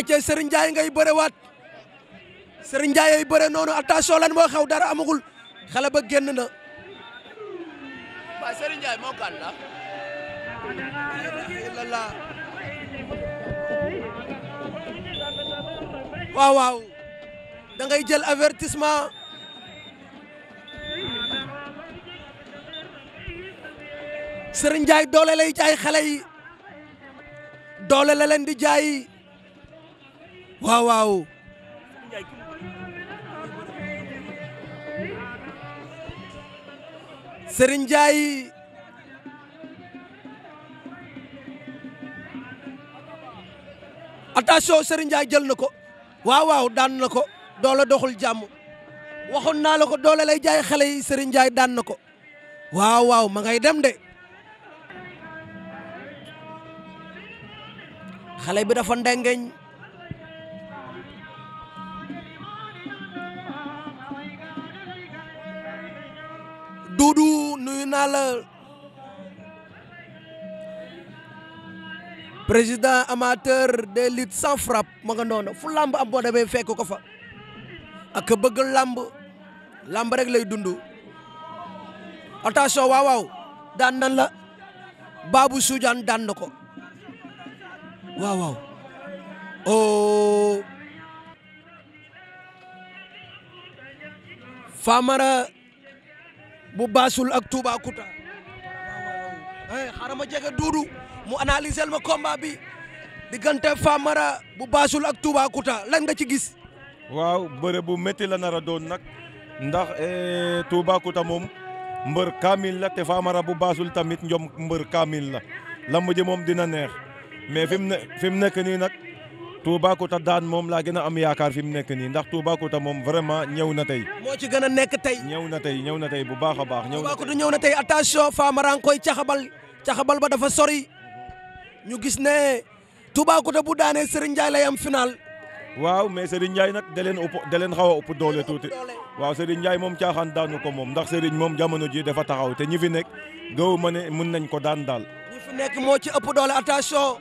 ayca Serigne Ndiaye ngay bëre waat Serigne Ndiaye ay bëre noonu attention lan moo xew dara amagul xale ba génn na. waaw Serigne Ndiaye waaw waaw da jël avertissement. Serigne Ndiaye doole lay jaay xale yi doole la leen di jaay waaw waaw Serigne Ndiaye attention Serigne Ndiaye jël na ko waaw waaw daan na ko doole doxul jàmm waxoon naa la ko doole la lay jaay xale yi Serigne Ndiaye daan na ko waaw waaw ma ngay dem de xale bi dafa ndengeñ nuyu naa la président amateur des luttes sans frappe ma nga noonu fu làmb am boo demee fekk ko fa ak bëgg làmb làmb rek lay dund attention waaw waaw daan nan la Babou Soudiane daan na ko waaw oh. bu baasul ak Toubacouta xaaral ma jege duudu mu analysel ma combat bi diggante Famara bu baasul ak Toubacouta lan nga ci gis. waaw bëre bu métti la nara doon nag ndax e, Toubacouta moom mbër kaamil la te Famara bu baasul tamit njom mbër kaamil la lamb ji moom dina neex mais fi mu mu nekk nii nag. Toubacouta daan moom laa gën a am yaakaar fi mu nekk nii ndax Toubacouta moom vraiment ñëw na tey. moo ci gën a nekk tey. ñëw na tey ñëw na tey bu baax a baax. ñëw na tey Toubacouta ñëw tey attention Famara nga koy caxabal caxabal ba dafa sori ñu gis ne Toubacouta bu daanee Serigne Ndiaye lay am final. waaw mais Serigne Ndiaye nag da leen ëpp da leen xaw a doole tuuti waaw Serigne Ndiaye moom caaxaan daanu ko moom ndax sëriñ moom jamono ji dafa taxaw te ñi fi nekk gëw ma ne mën nañ ko daan daal. ci ëpp doole attention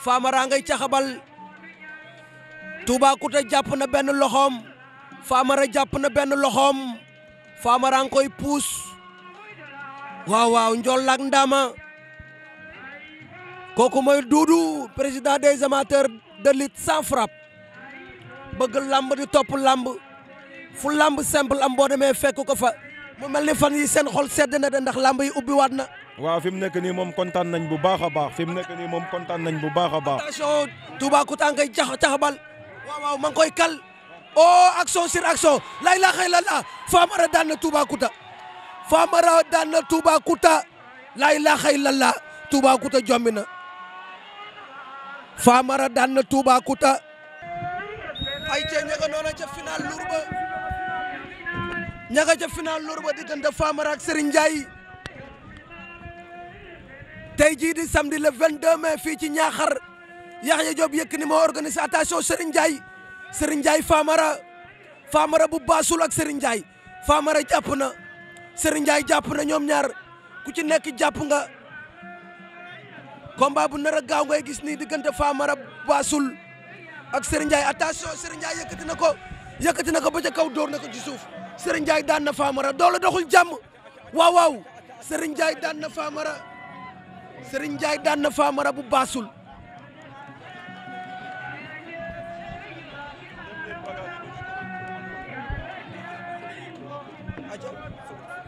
Famara Toubacouta jàpp na benn loxoom Famara jàpp na benn loxoom Famara ngi koy puus waaw waaw Ndiol ak kooku mooy Doudou président des amateurs de lutte sans bëgg lamb di topp lamb fu lamb simple am boo demee fekk ko fa mu mel ni fan yi seen xol sedd na de ndax lamb yi ubbi waat na. waaw fi mu nekk nii moom kontaan nañ bu baax a baax fi mu nekk nii moom kontaan nañ bu baax a baax. attention Toubacouta ngay jax taxabal. waaw waaw ngi koy kal oh action sur action lay la xëy la la Famara daan na Toubacouta Famara daan na Toubacouta lay la xëy la la Toubacouta jommi na Famara ay cee ñaga noona ca final lour ba ñaga ca final lour ba diggante Famara ak tey jii di samedi le fii ci Niakhar Yaxya Diop Yékini moo organisé attention Serigne Ndiaye Serigne Ndiaye Famara bu baasul ak Serigne Ndiaye Famara jàpp na Serigne Ndiaye jàpp na ñoom ñaar ku ci nekk jàpp nga combat bu nara a gaaw ngay gis nii diggante Famara baasul ak Serigne Ndiaye attention Serigne Ndiaye yëkkati na ko yëkkati na ko ba ca kaw dóor na ko ci suuf Serigne Ndiaye daan na Famara doole doxul jàmm waaw waaw Serigne Ndiaye daan na Famara Serigne Ndiaye daan na Famara bu baasul. aca